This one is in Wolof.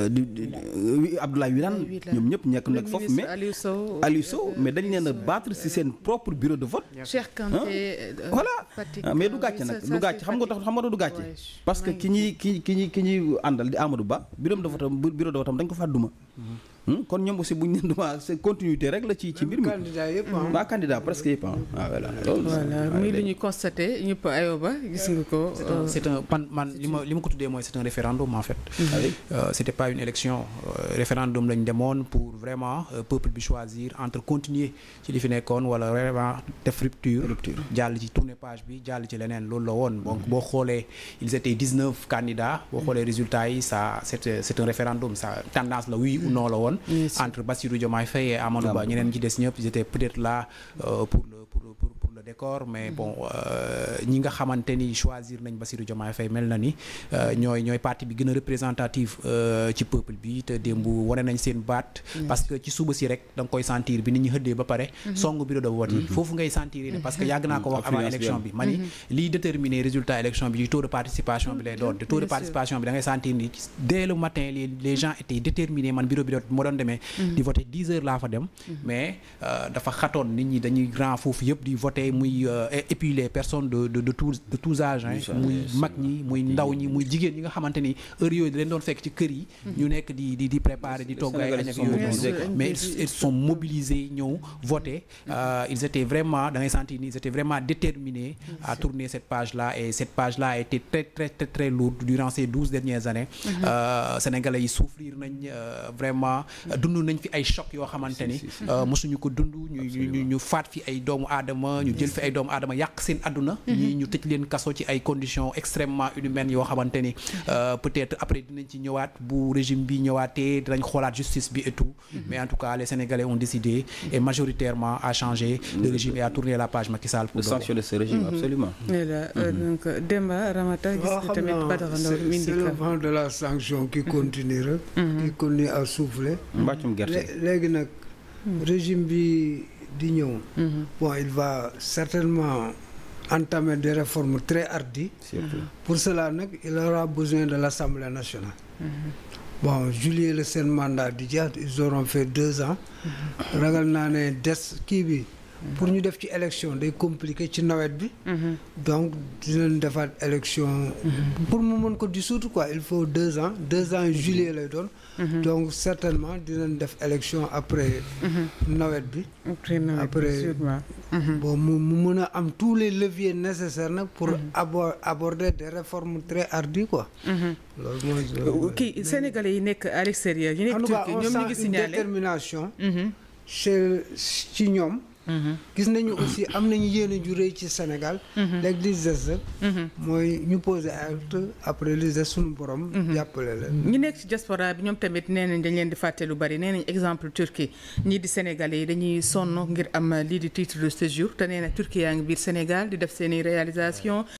Euh, Abdoulaye Wilane ñoom ñëpp nekk nag foofu mais Aliou Sow mais dañ leen a battre si seen propre bureau de vote. Cheikh euh, euh, ah, mais du gàcce nag du gàcce xam nga tax xam nga du gàcce. parce que ki ñuy ki ki ñuy àndal di Amadou Ba bureau de vote bureau de vote dañ ko faa duma. Mhm. Hmm? kon ñoom aussi bu ñu leen duma c'est continuité rek la ci ci mbir mi. candidat yëpp ah. waa candidat presque yëpp ah. waaw voilà loolu. voilà muy lu ñuy constaté ñëpp ayoba gis nga ko. c'est un pan euh, man li ma li ma ko tuddee mooy c'est un référendum en fait. Mhm. Euh, c'était pas une élection euh, référendum lañ demoon pour vraiment peuple bi choisir entre continuer ci li fi nekkoon wala vraiment def rupture. rupture jàll ci tourner page bi jàll ci leneen loolu la woon. donc boo xoolee ils étaient dix-neuf candidats. boo xoolee résultats yi ça c'est c'est un référendum ça tendance la oui ou non la woon. woon entre Bassirou Diomaye Faye et Ba ñeneen ci des ñëpp ils étaient peut euh, pour le pour le décor mais mm-hmm. bon euh, ñi nga xamante ni choisir nañ Bassirou Diomaye Faye mel na ni euh, ñooy ñooy parti bi gën a représentative euh, ci peuple bi te démb mm-hmm. wane nañ seen baat parce que ci suba si rek da koy sentir bi nit ñi xëddee ba pare mm-hmm. song bureau de vote dix heures laa fa dem mais dafa xatoon nit ñi dañuy grand foofu yëpp di voter tey muy et euh, puis les personnes de de de tous de muy mag ñi muy ndaw ñi muy jigéen ñi nga xamante ni heure yooyu da leen doon fekk ci kër yi. Mm-hmm. ñu nekk di di di préparer di togg ay añ ak yooyu mais ils sont mobilisés ñëw voter mm-hmm. euh, ils étaient vraiment da ngay sentir ni ils étaient vraiment déterminés mm-hmm. à tourner cette page là et cette page là a été très très très très lourde durant ces douze dernières années. Euh, Sénégalais yi souffrir nañ vraiment dund nañ fi ay choc yoo xamante ni mosuñu ko dund ñu jël fi ay doomu aadama yàq seen àdduna mhm. ñii ñu tëj leen kaso ci ay conditions extrêmement inhumaines yoo xamante ni mhm. euh, peut-être après dinañ ci ñëwaat bu régime bi ñëwaatee dinañ xoolaat justice bi et mhm. mais en tout cas les Sénégalais ont décidé et majoritairement à changer le régime et à tourner la page Macky Sall pour sanctionner ce régime absolument euh, de la sanction qui continue rek qui continue à mbàccum gerte léegi nag régime bi di ñëw. Mhm. bon il va certainement entamer des réformes très hardies. Surtout. Mhm. nag il aura besoin de l'Assemblée nationale. Mhm. bon juillet la seen mandat di jeex ils auront fait ans. ragal naa ne des kii pour ñu def ci élection day compliqué ci nawet bi. Mhm. donc dinañ defaat élection. Mhm. pour mu mën ko dissoudre quoi il faut deux ans deux ans mhm. juillet lay doon. donc certainement dinañ def élection après. nawet bi. après bon mu mu mën a am tous les leviers nécessaires nag pour abor aborder des réformes très hardies quoi. loolu euh, yi nekk à l'extérieur. ñu nekk Turquie ñoom ñu ñoom. gis nañu aussi am nañu yéene ju rëy ci Sénégal. léegi mhm. li des mhm. mooy ñu poser acte après li des suñu borom. Mhm. jàppale leen. ñi nekk ci diaspora bi ñoom tamit nee nañ dañ leen di fàtte lu bari nee nañ exemple Turquie ñii di Sénégalais dañuy sonn ngir am lii di titre de séjour te nee Turquie yaa ngi biir Sénégal di def seen réalisation